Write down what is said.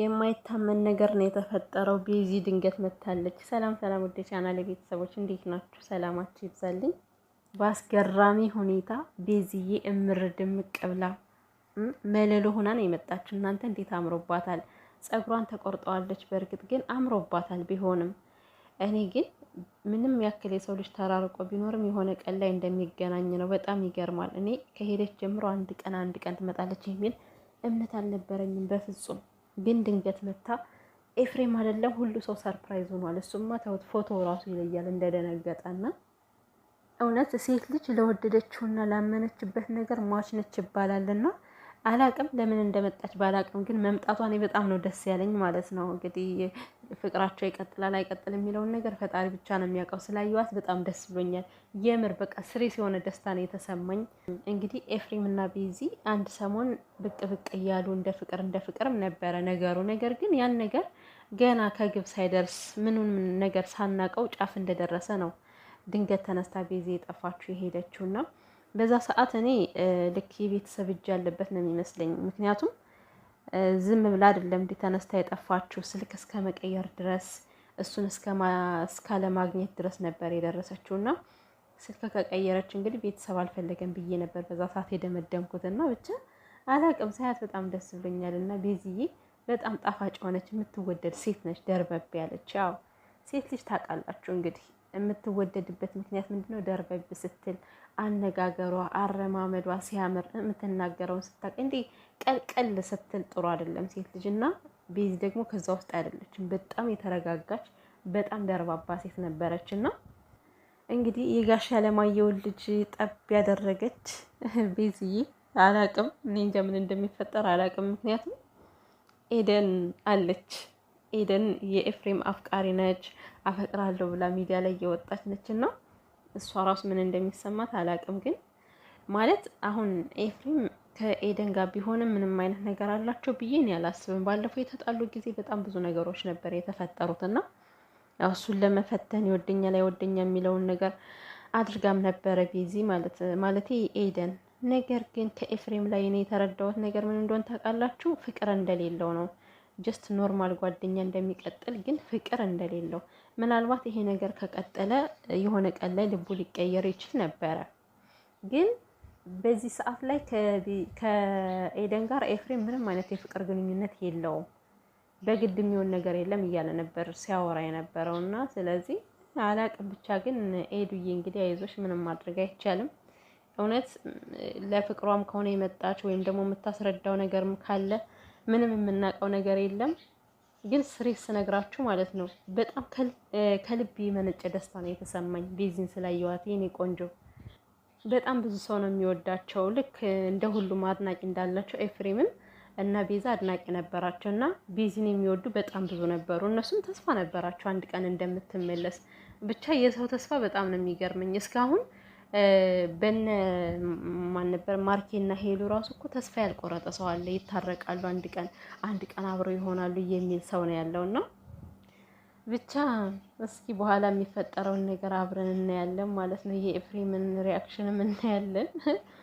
የማይታመን ነገር ነው የተፈጠረው። ቤዚ ድንገት መታለች። ሰላም ሰላም፣ ወደ ቻናል ቤተሰቦች እንዴት ናችሁ? ሰላማችሁ ይብዛልኝ። በአስገራሚ ሁኔታ ቤዚዬ እምር ድምቅ ብላ መለሎ ሆና ነው የመጣችሁ። እናንተ እንዴት አምሮባታል! ጸጉሯን ተቆርጠዋለች። በእርግጥ ግን አምሮባታል። ቢሆንም እኔ ግን ምንም ያክል የሰው ልጅ ተራርቆ ቢኖርም የሆነ ቀን ላይ እንደሚገናኝ ነው። በጣም ይገርማል። እኔ ከሄደች ጀምሮ አንድ ቀን አንድ ቀን ትመጣለች የሚል እምነት አልነበረኝም በፍጹም ግን ድንገት መታ ኤፍሬም አይደለም ሁሉ ሰው ሰርፕራይዝ ሆኗል። እሱማ ተውት ፎቶ ራሱ ይለያል እንደደነገጠና እውነት ሴት ልጅ ለወደደችውና ላመነችበት ነገር ሟች ነች ይባላልና አላቅም ለምን እንደመጣች ባላቅም፣ ግን መምጣቷ እኔ በጣም ነው ደስ ያለኝ ማለት ነው። እንግዲህ ፍቅራቸው ይቀጥላል አይቀጥል የሚለውን ነገር ፈጣሪ ብቻ ነው የሚያውቀው። ስላየዋት በጣም ደስ ብሎኛል። የምር በቃ ስሬ ሲሆነ ደስታ ነው የተሰማኝ። እንግዲህ ኤፍሬም እና ቤዚ አንድ ሰሞን ብቅ ብቅ እያሉ እንደ ፍቅር እንደ ፍቅርም ነበረ ነገሩ። ነገር ግን ያን ነገር ገና ከግብ ሳይደርስ ምኑን ነገር ሳናቀው ጫፍ እንደደረሰ ነው ድንገት ተነስታ ቤዚ የጠፋችሁ ነው። በዛ ሰዓት እኔ ልክ የቤተሰብ እጅ ያለበት ነው የሚመስለኝ። ምክንያቱም ዝም ብላ አይደለም እንዴ ተነስታ የጠፋችው ስልክ እስከ መቀየር ድረስ እሱን እስካለ ድረስ ነበር የደረሰችው እና ስልክ ከቀየረች እንግዲህ ቤተሰብ አልፈለገም ብዬ ነበር በዛ ሰዓት የደመደምኩት እና ብቻ አላቅም ሳያት በጣም ደስ ብሎኛል። እና ቤዝዬ በጣም ጣፋጭ የሆነች የምትወደድ ሴት ነች፣ ደርበብ ያለች። ያው ሴት ልጅ ታውቃላችሁ እንግዲህ የምትወደድበት ምክንያት ምንድነው? ደርበብ ስትል አነጋገሯ፣ አረማመዷ ሲያምር የምትናገረውን ስታቅ እንዲህ ቀልቀል ስትል ጥሩ አይደለም ሴት ልጅ እና ቤዚ ደግሞ ከዛ ውስጥ አይደለችም። በጣም የተረጋጋች በጣም ደርባባ ሴት ነበረች እና እንግዲህ የጋሽ ያለማየውን ልጅ ጠብ ያደረገች ቤዝዬ አላቅም፣ እኔ እንጃ ምን እንደሚፈጠር አላቅም። ምክንያቱም ኤደን አለች ኤደን የኤፍሬም አፍቃሪ ነች፣ አፈቅራለሁ ብላ ሚዲያ ላይ እየወጣች ነች እና እሷ ራሱ ምን እንደሚሰማት አላውቅም። ግን ማለት አሁን ኤፍሬም ከኤደን ጋር ቢሆንም ምንም አይነት ነገር አላቸው ብዬ እኔ አላስብም። ባለፈው የተጣሉ ጊዜ በጣም ብዙ ነገሮች ነበር የተፈጠሩት እና ያው እሱን ለመፈተን ይወደኛል አይወደኛል የሚለውን ነገር አድርጋም ነበረ ቢዚ ማለት ኤደን። ነገር ግን ከኤፍሬም ላይ እኔ የተረዳሁት ነገር ምን እንደሆን ታውቃላችሁ? ፍቅር እንደሌለው ነው ጀስት ኖርማል ጓደኛ እንደሚቀጥል ግን ፍቅር እንደሌለው ምናልባት ይሄ ነገር ከቀጠለ የሆነ ቀን ላይ ልቡ ሊቀየር ይችል ነበረ። ግን በዚህ ሰዓት ላይ ከኤደን ጋር ኤፍሬም ምንም አይነት የፍቅር ግንኙነት የለውም። በግድ የሚሆን ነገር የለም እያለ ነበር ሲያወራ የነበረው እና ስለዚህ አላቅም ብቻ ግን ኤዱዬ እንግዲህ አይዞሽ፣ ምንም ማድረግ አይቻልም። እውነት ለፍቅሯም ከሆነ የመጣች ወይም ደግሞ የምታስረዳው ነገርም ካለ ምንም የምናውቀው ነገር የለም። ግን ስሬ ስነግራችሁ ማለት ነው በጣም ከልብ የመነጨ ደስታ ነው የተሰማኝ ቤዚን ስላየኋት። የኔ ቆንጆ በጣም ብዙ ሰው ነው የሚወዳቸው። ልክ እንደ ሁሉም አድናቂ እንዳላቸው ኤፍሬምም እና ቤዛ አድናቂ ነበራቸው እና ቤዚን የሚወዱ በጣም ብዙ ነበሩ። እነሱም ተስፋ ነበራቸው አንድ ቀን እንደምትመለስ። ብቻ የሰው ተስፋ በጣም ነው የሚገርመኝ እስካሁን በነ ማን ነበር ማርኬ እና ሄሉ ራሱ እኮ ተስፋ ያልቆረጠ ሰው አለ። ይታረቃሉ፣ አንድ ቀን አንድ ቀን አብረው ይሆናሉ የሚል ሰው ነው ያለው እና ብቻ እስኪ በኋላ የሚፈጠረውን ነገር አብረን እናያለን ማለት ነው። የኤፍሬምን ሪያክሽንም እናያለን።